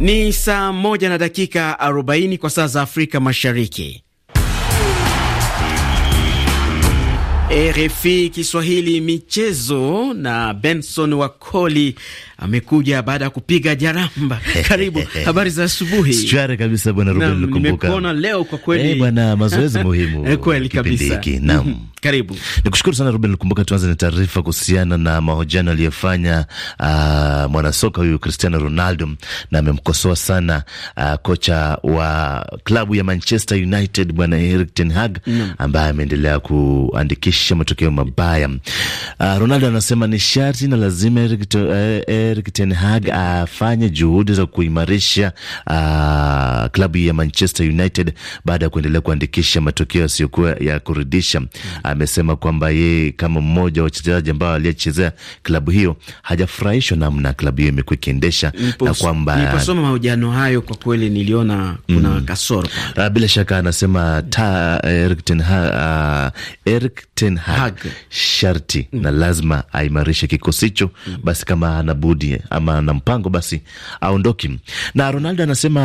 Ni saa moja na dakika 40 kwa saa za Afrika Mashariki. RFI Kiswahili michezo na Benson Wakoli amekuja baada ya kupiga jaramba. Karibu, habari za asubuhi. Shwari kabisa bwana Ruben, Nimekuona leo kwa kweli. Hey, eh, bwana mazoezi muhimu. Eh, kweli kabisa. Naam. Mm-hmm. Karibu. Nikushukuru sana Ruben Lukumbuka. Tuanze na taarifa kuhusiana na mahojiano aliyofanya uh, mwanasoka huyu Cristiano Ronaldo, na amemkosoa sana uh, kocha wa klabu ya Manchester United bwana Erik ten Hag ambaye ameendelea kuandikisha kusababisha matokeo mabaya. Uh, Ronaldo anasema ni sharti na lazima Erik, uh, Erik ten Hag afanye uh, juhudi za kuimarisha uh, klabu ya Manchester United baada ya kuendelea kuandikisha matokeo yasiyokuwa ya kuridhisha. Amesema uh, kwamba yeye kama mmoja wa wachezaji ambao aliyechezea klabu hiyo hajafurahishwa namna klabu hiyo imekuwa ikiendesha na kwamba niliposoma mahojiano hayo kwa kweli niliona kuna mm, kasoro. Uh, bila shaka anasema ta, uh, Erik ten Hag, uh, Erik ten Ten Hag sharti mm. na lazima aimarishe kikosi hicho mm. basi kama ana budi ama ana mpango basi aondoki. Na Ronaldo anasema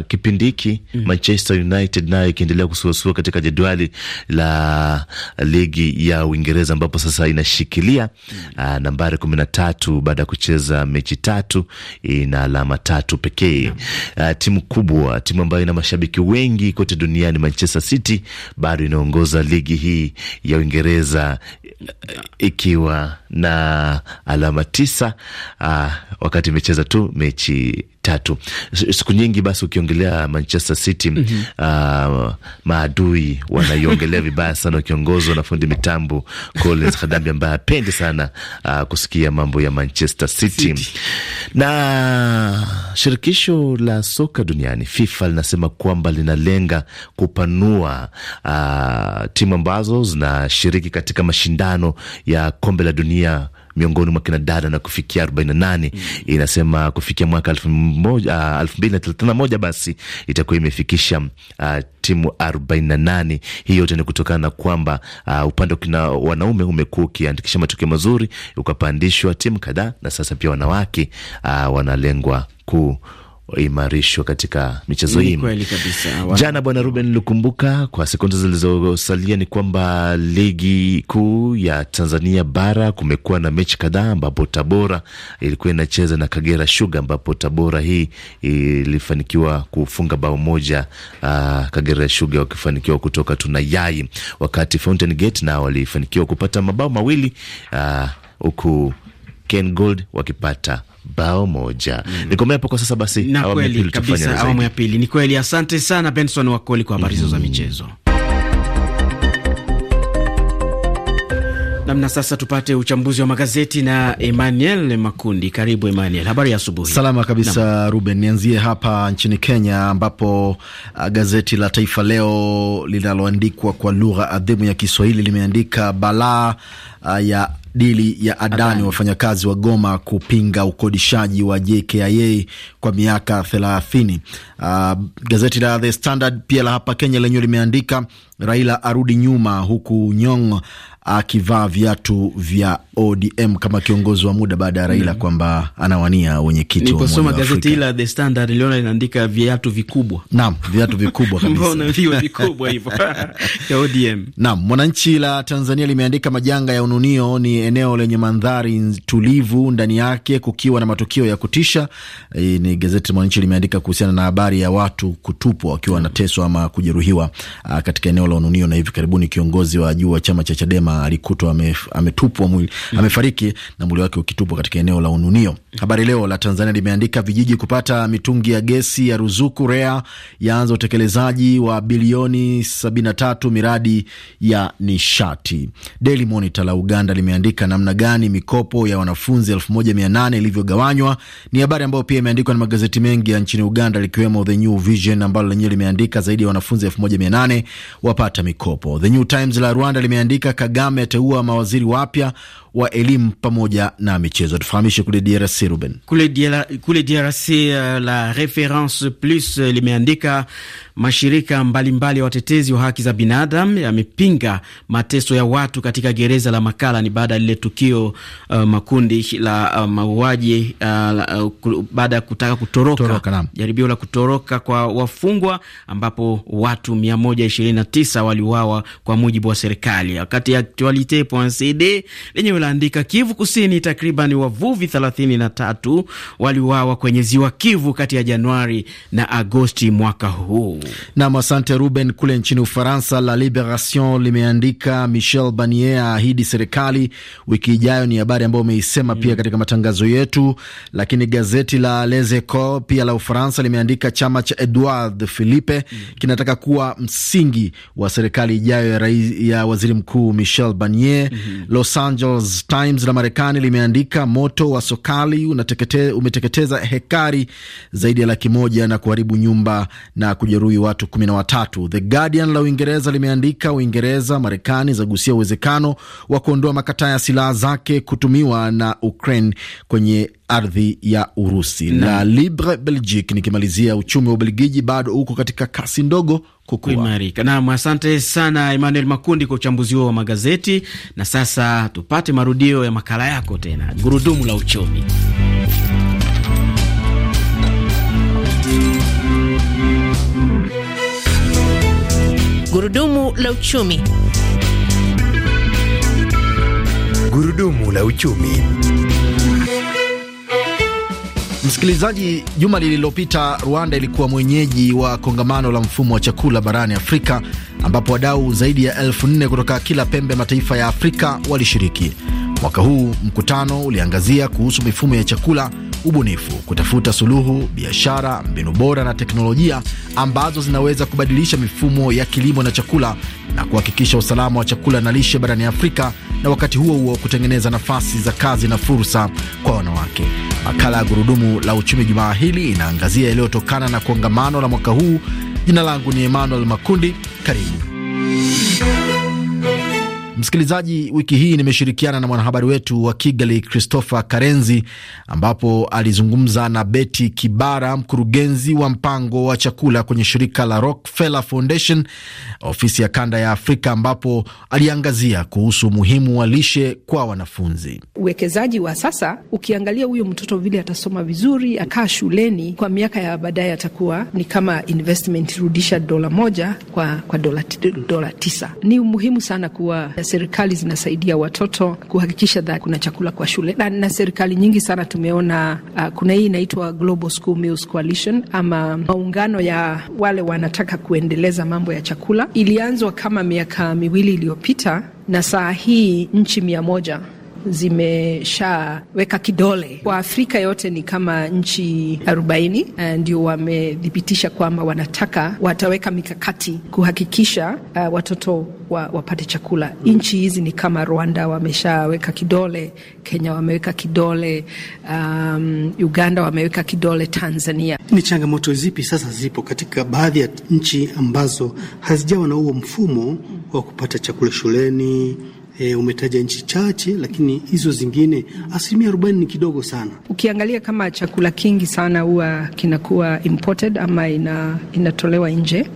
uh, kipindi hiki mm. Manchester United nayo ikiendelea kusuasua katika jedwali la ligi ya Uingereza ambapo sasa inashikilia mm. uh, nambari kumi na tatu baada ya kucheza mechi tatu, ina alama tatu pekee mm. uh, timu kubwa, timu ambayo ina mashabiki wengi kote duniani Manchester City bado inaongoza ligi hii ya Uingereza eh, ikiwa na alama tisa, uh, wakati imecheza tu mechi tatu. Siku nyingi basi ukiongelea Manchester City mm -hmm. uh, maadui wanaiongelea vibaya sana wakiongozwa na fundi mitambo Collins Kadambi ambaye apendi sana uh, kusikia mambo ya Manchester City. City na shirikisho la soka duniani FIFA linasema kwamba linalenga kupanua uh, timu ambazo zinashiriki katika mashindano ya kombe la dunia miongoni mwa kina dada na kufikia 48. Mm. Inasema kufikia mwaka 2031 ah, basi itakuwa imefikisha uh, timu 48. Hii yote ni kutokana na kwamba uh, upande wa wanaume umekuwa ukiandikisha matokeo mazuri, ukapandishwa timu kadhaa, na sasa pia wanawake uh, wanalengwa kuu imarishwa katika michezo hii. Jana Bwana Ruben Lukumbuka, kwa sekunde zilizosalia ni kwamba ligi kuu ya Tanzania bara kumekuwa na mechi kadhaa ambapo Tabora ilikuwa inacheza na Kagera Sugar ambapo Tabora hii ilifanikiwa kufunga bao moja, uh, Kagera Sugar wakifanikiwa kutoka Tunayai, wakati Fountain Gate nao walifanikiwa kupata mabao mawili ah, huku uh, Ken Gold wakipata bao moja. Mm. Nikomea hapo kwa sasa basi, awamu ya pili ni kweli. Asante sana Benson Wakoli kwa habari hizo mm. za mm-hmm. michezo. Namna sasa tupate uchambuzi wa magazeti na Emmanuel Makundi. Karibu Emmanuel, habari ya asubuhi. Salama kabisa Nama. Ruben, nianzie hapa nchini Kenya ambapo uh, gazeti la Taifa Leo linaloandikwa kwa lugha adhimu ya Kiswahili limeandika balaa uh, ya dili ya Adani, wafanyakazi wa Goma kupinga ukodishaji wa JKIA kwa miaka thelathini. Uh, gazeti la The Standard pia la hapa Kenya lenyewe limeandika Raila arudi nyuma, huku Nyong akivaa viatu vya ODM kama kiongozi wa muda baada ya Raila mm. kwamba anawania wenyekiti Niliposoma gazeti hili la The Standard niliona linaandika viatu vikubwa. Naam, viatu vikubwa kabisa. Mbona vikubwa hivyo? ya ODM. Naam, Mwananchi la Tanzania limeandika majanga ya Ununio ni eneo lenye mandhari tulivu ndani yake kukiwa na matukio ya kutisha. E, ni gazeti Mwananchi limeandika kuhusiana na habari ya watu kutupwa wakiwa wanateswa ama kujeruhiwa ah, katika eneo la Ununio na hivi karibuni kiongozi wa juu wa chama cha Chadema kwamba alikutwa ametupwa mwili mm. amefariki na mwili wake ukitupwa katika eneo la Ununio. Habari Leo la Tanzania limeandika vijiji kupata mitungi ya gesi ya ruzuku REA yaanza utekelezaji wa bilioni 73 miradi ya nishati. Daily Monitor la Uganda limeandika namna gani mikopo ya wanafunzi 1800 ilivyogawanywa. Ni habari ambayo pia imeandikwa na magazeti mengi ya nchini Uganda likiwemo The New Vision ambalo lenyewe limeandika zaidi ya wanafunzi 1800 wapata mikopo. The New Times la Rwanda limeandika Kagame Kagame ateua mawaziri wapya wa elimu pamoja na michezo. Tufahamishe kule DRC, Ruben. Kule, DRC uh, la Reference Plus uh, limeandika mashirika mbalimbali ya watetezi wa haki za binadamu yamepinga mateso ya watu katika gereza la Makala ni baada ya lile tukio uh, makundi la uh, mauaji uh, uh, baada ya kutaka kutoroka, toroka, jaribio la kutoroka kwa wafungwa ambapo watu 129 waliuawa kwa mujibu wa serikali. Wakati Actualite.cd lenyewe laandika Kivu Kusini, takriban wavuvi 33 waliuawa kwenye ziwa Kivu kati ya Januari na Agosti mwaka huu. Nam, asante Ruben. Kule nchini Ufaransa, La Liberation limeandika Michel Barnier aahidi serikali wiki ijayo. Ni habari ambayo umeisema mm, pia katika matangazo yetu. Lakini gazeti la Les pia la Ufaransa limeandika chama cha Edouard Philippe mm, kinataka kuwa msingi wa serikali ijayo ya, ya waziri mkuu Michel Barnier. Mm -hmm. Los Angeles Times la Marekani limeandika moto wa Sokali unatekete, umeteketeza hekari zaidi ya laki moja na kuharibu nyumba na kujeruhi watu kumi na watatu. The Guardian la Uingereza limeandika Uingereza, Marekani zagusia uwezekano wa kuondoa makataa ya silaha zake kutumiwa na Ukraine kwenye ardhi ya Urusi na La Libre Belgique. Nikimalizia, uchumi wa Ubelgiji bado uko katika kasi ndogo kukuimarika. Naam, asante sana Emmanuel Makundi kwa uchambuzi huo wa magazeti. Na sasa tupate marudio ya makala yako tena, gurudumu la uchumi. Gurudumu la uchumi, gurudumu la uchumi. Msikilizaji, juma lililopita Rwanda ilikuwa mwenyeji wa kongamano la mfumo wa chakula barani Afrika ambapo wadau zaidi ya elfu nne kutoka kila pembe mataifa ya Afrika walishiriki. Mwaka huu mkutano uliangazia kuhusu mifumo ya chakula, ubunifu, kutafuta suluhu, biashara, mbinu bora na teknolojia ambazo zinaweza kubadilisha mifumo ya kilimo na chakula na kuhakikisha usalama wa chakula na lishe barani Afrika, na wakati huo huo kutengeneza nafasi za kazi na fursa kwa wanawake. Makala ya gurudumu la uchumi jumaa hili inaangazia yaliyotokana na kongamano la mwaka huu. Jina langu ni Emmanuel Makundi, karibu. Msikilizaji, wiki hii nimeshirikiana na mwanahabari wetu wa Kigali Christopher Karenzi, ambapo alizungumza na Betty Kibara, mkurugenzi wa mpango wa chakula kwenye shirika la Rockefeller Foundation, ofisi ya kanda ya Afrika, ambapo aliangazia kuhusu umuhimu wa lishe kwa wanafunzi. Uwekezaji wa sasa, ukiangalia huyo mtoto vile atasoma vizuri, akaa shuleni kwa miaka ya baadaye, atakuwa ni kama investment, rudisha dola moja kwa, kwa dola, dola tisa. Ni umuhimu sana kuwa serikali zinasaidia watoto kuhakikisha dha kuna chakula kwa shule na, na serikali nyingi sana tumeona uh, kuna hii inaitwa Global School Meals Coalition ama maungano ya wale wanataka kuendeleza mambo ya chakula. Ilianzwa kama miaka miwili iliyopita na saa hii nchi mia moja zimeshaweka kidole kwa Afrika yote, ni kama nchi arobaini eh, ndio wamethibitisha kwamba wanataka wataweka mikakati kuhakikisha uh, watoto wa, wapate chakula. Nchi hizi ni kama Rwanda wameshaweka kidole, Kenya wameweka kidole, um, Uganda wameweka kidole, Tanzania. Ni changamoto zipi sasa zipo katika baadhi ya nchi ambazo hazijawa na huo mfumo wa kupata chakula shuleni E, umetaja nchi chache lakini hizo zingine asilimia arobaini ni kidogo sana. Ukiangalia kama chakula kingi sana huwa kinakuwa imported ama ina, inatolewa nje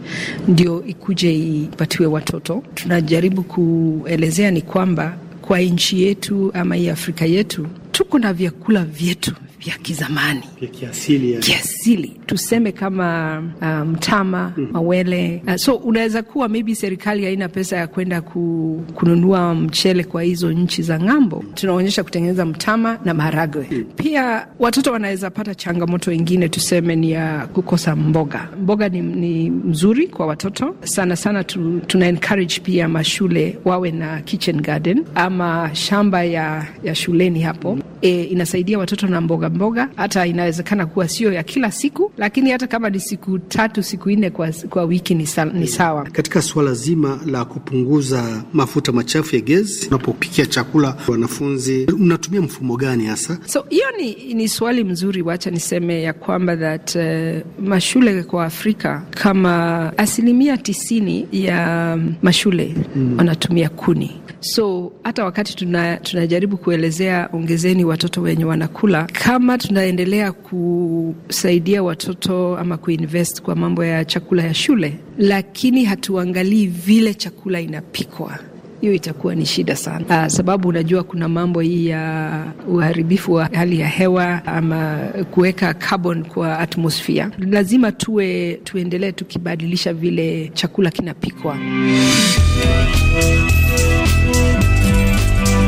ndio ikuje ipatiwe watoto. Tunajaribu kuelezea ni kwamba kwa nchi yetu ama hii Afrika yetu tuko na vyakula vyetu ya kizamani kiasili, ya kiasili tuseme kama uh, mtama um, mawele uh, so unaweza kuwa maybe serikali haina pesa ya kwenda ku, kununua mchele kwa hizo nchi za ng'ambo. Tunaonyesha kutengeneza mtama na maharagwe mm. Pia watoto wanaweza pata changamoto ingine, tuseme ni ya kukosa mboga. Mboga ni, ni mzuri kwa watoto sana sana tu, tuna encourage pia mashule wawe na kitchen garden ama shamba ya, ya shuleni hapo. E, inasaidia watoto na mboga mboga, hata inawezekana kuwa sio ya kila siku, lakini hata kama ni siku tatu siku nne kwa, kwa wiki ni, sa, ni sawa. Katika suala zima la kupunguza mafuta machafu ya gesi unapopikia chakula, wanafunzi mnatumia mfumo gani hasa? So hiyo ni, ni swali mzuri. Wacha niseme ya kwamba that uh, mashule kwa Afrika kama asilimia tisini ya mm, mashule mm. wanatumia kuni So hata wakati tuna, tunajaribu kuelezea ongezeni watoto wenye wanakula, kama tunaendelea kusaidia watoto ama kuinvest kwa mambo ya chakula ya shule, lakini hatuangalii vile chakula inapikwa hiyo itakuwa ni shida sana. Aa, ah, sababu unajua kuna mambo hii ya uharibifu wa hali ya hewa ama kuweka carbon kwa atmosphere. Lazima tuwe tuendelee tukibadilisha vile chakula kinapikwa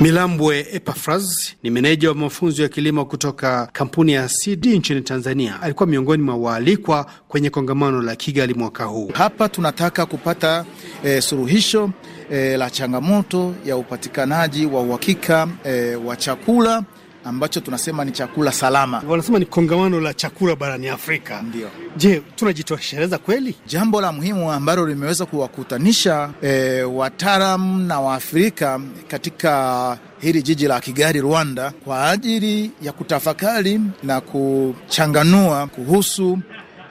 Milambwe Epafras ni meneja wa mafunzo ya kilimo kutoka kampuni ya CD nchini Tanzania. Alikuwa miongoni mwa waalikwa kwenye kongamano la Kigali mwaka huu. Hapa tunataka kupata e, suluhisho e, la changamoto ya upatikanaji wa uhakika e, wa chakula ambacho tunasema ni chakula salama. Wanasema ni kongamano la chakula barani Afrika. Ndio. Je, tunajitosheleza kweli? Jambo la muhimu ambalo limeweza kuwakutanisha e, wataalamu na Waafrika katika hili jiji la Kigali, Rwanda, kwa ajili ya kutafakari na kuchanganua kuhusu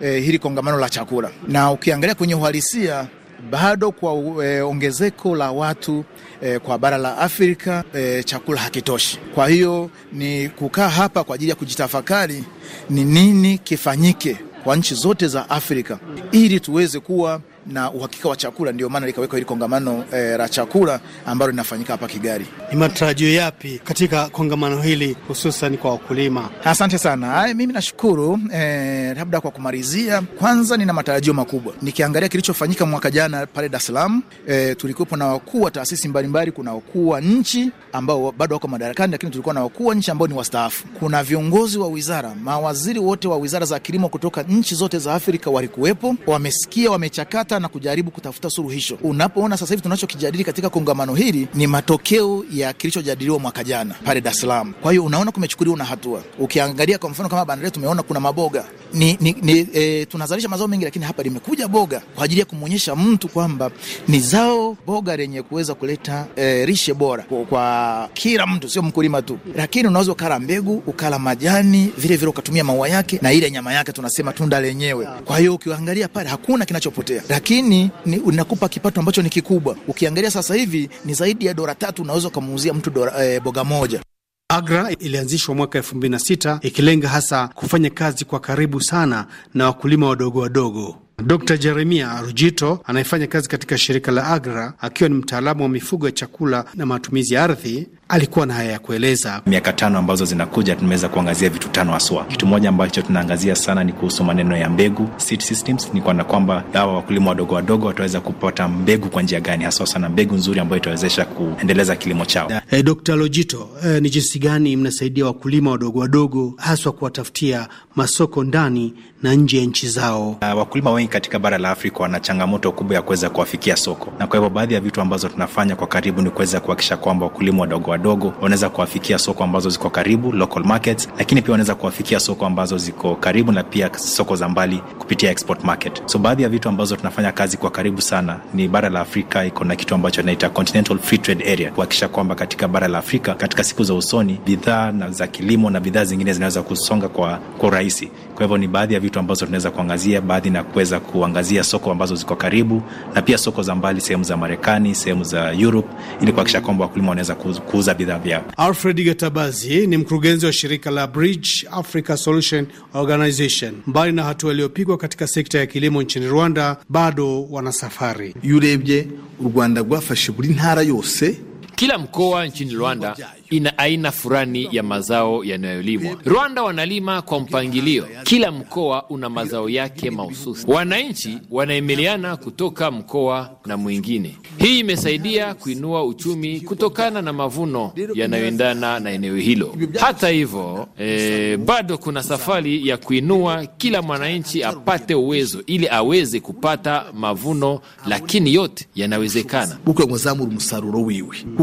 e, hili kongamano la chakula, na ukiangalia kwenye uhalisia bado kwa e, ongezeko la watu e, kwa bara la Afrika e, chakula hakitoshi. Kwa hiyo ni kukaa hapa kwa ajili ya kujitafakari ni nini kifanyike kwa nchi zote za Afrika ili tuweze kuwa na uhakika wa chakula, ndio maana likawekwa hili kongamano eh, la chakula ambalo linafanyika hapa Kigali. Ni matarajio yapi katika kongamano hili hususan kwa wakulima? Asante sana. Ay, mimi nashukuru eh, labda kwa kumalizia, kwanza nina matarajio makubwa nikiangalia kilichofanyika mwaka jana pale Dar es Salaam. Eh, tulikuwepo na wakuu wa taasisi mbalimbali, kuna wakuu wa nchi ambao bado wako madarakani, lakini tulikuwa na wakuu wa nchi ambao ni wastaafu. Kuna viongozi wa wizara, mawaziri wote wa wizara za kilimo kutoka nchi zote za Afrika walikuwepo, wamesikia, wamechakata kutafuta na kujaribu kutafuta suluhisho. Unapoona sasa hivi tunachokijadili katika kongamano hili ni matokeo ya kilichojadiliwa mwaka jana pale Dar es Salaam. Kwa hiyo unaona kumechukuliwa na hatua. Ukiangalia kwa mfano kama bandari, tumeona kuna maboga ni, ni, ni, e, tunazalisha mazao mengi, lakini hapa limekuja boga kwa ajili ya kumwonyesha mtu kwamba ni zao boga lenye kuweza kuleta e, rishe bora kwa, kwa kila mtu, sio mkulima tu, lakini unaweza ukala mbegu ukala majani vile vile ukatumia maua yake na ile nyama yake, tunasema tunda lenyewe. Kwa hiyo ukiangalia pale hakuna kinachopotea lakini ni unakupa kipato ambacho ni kikubwa. Ukiangalia sasa hivi ni zaidi ya dola tatu, unaweza ukamuuzia mtu dola, e, boga moja. AGRA ilianzishwa mwaka elfu mbili na sita ikilenga hasa kufanya kazi kwa karibu sana na wakulima wadogo wadogo. Dr Jeremia rujito anayefanya kazi katika shirika la AGRA akiwa ni mtaalamu wa mifugo ya chakula na matumizi ya ardhi, alikuwa na haya ya kueleza. Miaka tano ambazo zinakuja, tumeweza kuangazia vitu tano haswa. Kitu moja ambacho tunaangazia sana ni kuhusu maneno ya mbegu seed systems, ni kwana kwamba hawa wakulima wadogo wadogo wataweza kupata mbegu kwa njia gani haswa sana, mbegu nzuri ambayo itawezesha kuendeleza kilimo chao. E, eh, Dr. Lojito, e, ni jinsi gani mnasaidia wakulima wadogo wadogo haswa kuwatafutia masoko ndani na nje ya nchi zao? Uh, wakulima wengi katika bara la Afrika wana changamoto kubwa ya kuweza kuwafikia soko, na kwa hivyo baadhi ya vitu ambazo tunafanya kwa karibu ni kuweza kuhakikisha kwamba wakulima wadogo wadogo wanaweza kuwafikia soko ambazo ziko karibu local markets, lakini pia wanaweza kuwafikia soko ambazo ziko karibu na pia soko za mbali kupitia export market. So baadhi ya vitu ambazo tunafanya kazi kwa karibu sana ni bara la Afrika iko na kitu ambacho inaita Continental Free Trade Area, kuhakikisha kwamba katika bara la Afrika katika siku za usoni bidhaa za kilimo na bidhaa zingine zinaweza kusonga kwa urahisi kwa hivyo ni baadhi ya vitu ambazo tunaweza kuangazia, baadhi na kuweza kuangazia soko ambazo ziko karibu na pia soko za mbali, sehemu za Marekani, sehemu za Europe, ili kuhakikisha kwamba wakulima wanaweza kuuza bidhaa vyao. Alfred Gatabazi ni mkurugenzi wa shirika la Bridge Africa Solution Organization. Mbali na hatua iliyopigwa katika sekta ya kilimo nchini Rwanda, bado wana safari. yurebye u Rwanda rwafashe buri ntara yose kila mkoa nchini Rwanda ina aina fulani ya mazao yanayolimwa. Rwanda wanalima kwa mpangilio, kila mkoa una mazao yake mahususi. Wananchi wanaemeleana kutoka mkoa na mwingine. Hii imesaidia kuinua uchumi kutokana na mavuno yanayoendana na eneo hilo. Hata hivyo, e, bado kuna safari ya kuinua, kila mwananchi apate uwezo ili aweze kupata mavuno, lakini yote yanawezekana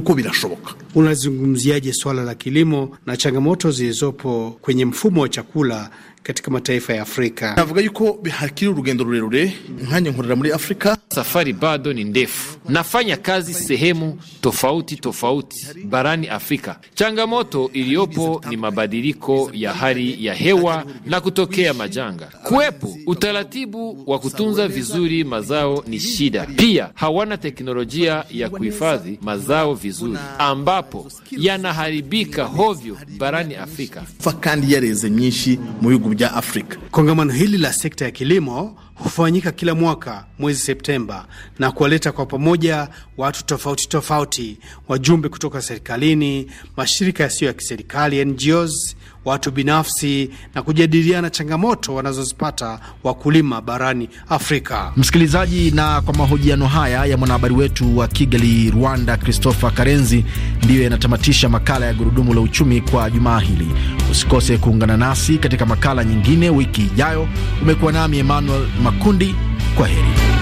kuko binashoboka. Unazungumziaje swala la kilimo na changamoto zilizopo kwenye mfumo wa chakula katika mataifa ya Afrika. Navuga yuko bihakiri urugendo rurerure nkanye nkorera muri Afrika. Safari bado ni ndefu. Nafanya kazi sehemu tofauti tofauti barani Afrika. Changamoto iliyopo ni mabadiliko ya hali ya hewa na kutokea majanga. Kuwepo utaratibu wa kutunza vizuri mazao ni shida. Pia hawana teknolojia ya kuhifadhi mazao vizuri, ambapo yanaharibika hovyo barani Afrika. Fakandi yareze nyinshi mu Umoja Afrika. Kongamano hili la sekta ya kilimo hufanyika kila mwaka mwezi Septemba na kuwaleta kwa pamoja watu tofauti tofauti, wajumbe kutoka serikalini, mashirika yasiyo ya kiserikali NGOs, watu binafsi na kujadiliana changamoto wanazozipata wakulima barani Afrika. Msikilizaji, na kwa mahojiano haya ya mwanahabari wetu wa Kigali, Rwanda, Christopher Karenzi, ndiyo yanatamatisha makala ya Gurudumu la Uchumi kwa jumaa hili. Usikose kuungana nasi katika makala nyingine wiki ijayo. Umekuwa nami Emmanuel Makundi, kwa heri.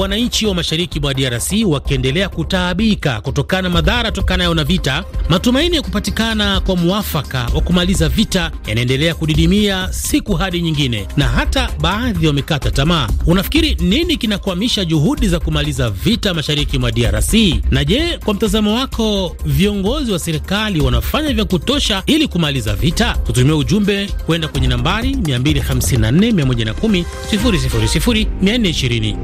wananchi wa mashariki mwa DRC wakiendelea kutaabika kutokana madhara tokanayo na vita, matumaini ya kupatikana kwa mwafaka wa kumaliza vita yanaendelea kudidimia siku hadi nyingine, na hata baadhi wamekata tamaa. Unafikiri nini kinakwamisha juhudi za kumaliza vita mashariki mwa DRC? Na je, kwa mtazamo wako, viongozi wa serikali wanafanya vya kutosha ili kumaliza vita? Kutumia ujumbe kwenda kwenye nambari 254 110 000 420.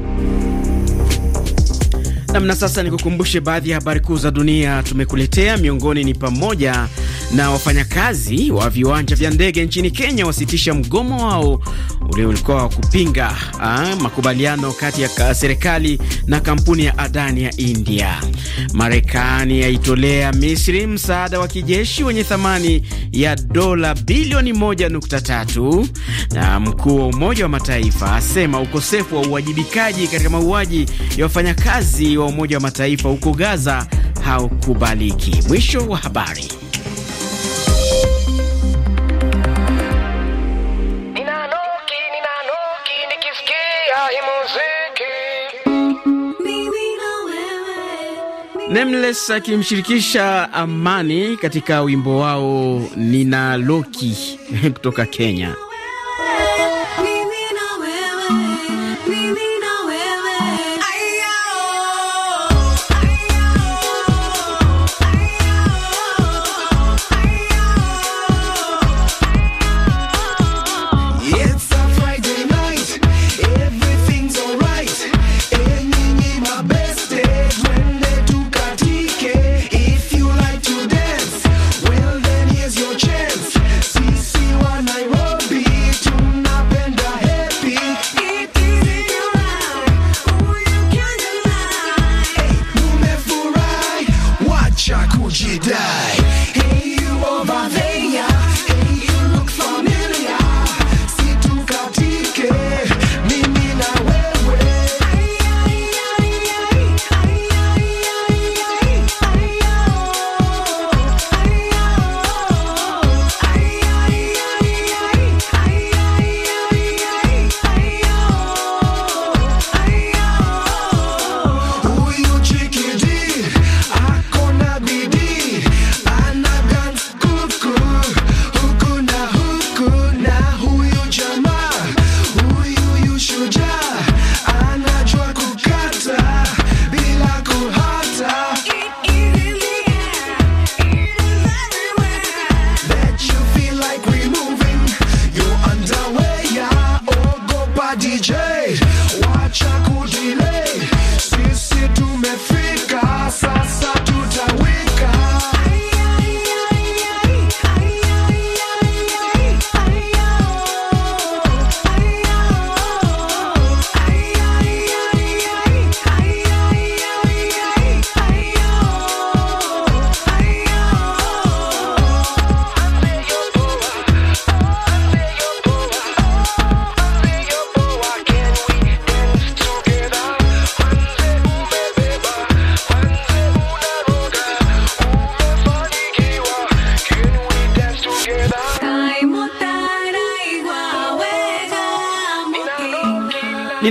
Namna sasa, nikukumbushe baadhi ya habari kuu za dunia tumekuletea, miongoni ni pamoja na wafanyakazi wa viwanja vya ndege nchini Kenya wasitisha mgomo wao ulikuwa wa kupinga aa, ah, makubaliano kati ya serikali na kampuni ya Adani ya India. Marekani yaitolea Misri msaada wa kijeshi wenye thamani ya dola bilioni 1.3, na mkuu wa Umoja wa Mataifa asema ukosefu wa uwajibikaji katika mauaji ya wafanyakazi wa Umoja wa Mataifa huko Gaza haukubaliki. Mwisho wa habari. Nameless akimshirikisha Amani katika wimbo wao Nina Loki kutoka Kenya.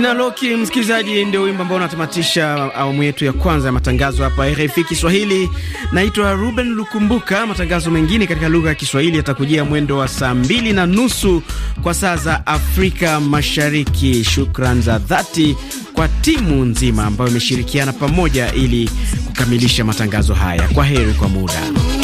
Nina Loki msikilizaji, ndio wimbo ambao unatamatisha awamu yetu ya kwanza ya matangazo hapa RFI Kiswahili. Naitwa Ruben Lukumbuka. Matangazo mengine katika lugha ya Kiswahili yatakujia mwendo wa saa mbili na nusu kwa saa za Afrika Mashariki. Shukran za dhati kwa timu nzima ambayo imeshirikiana pamoja ili kukamilisha matangazo haya. Kwa heri kwa muda.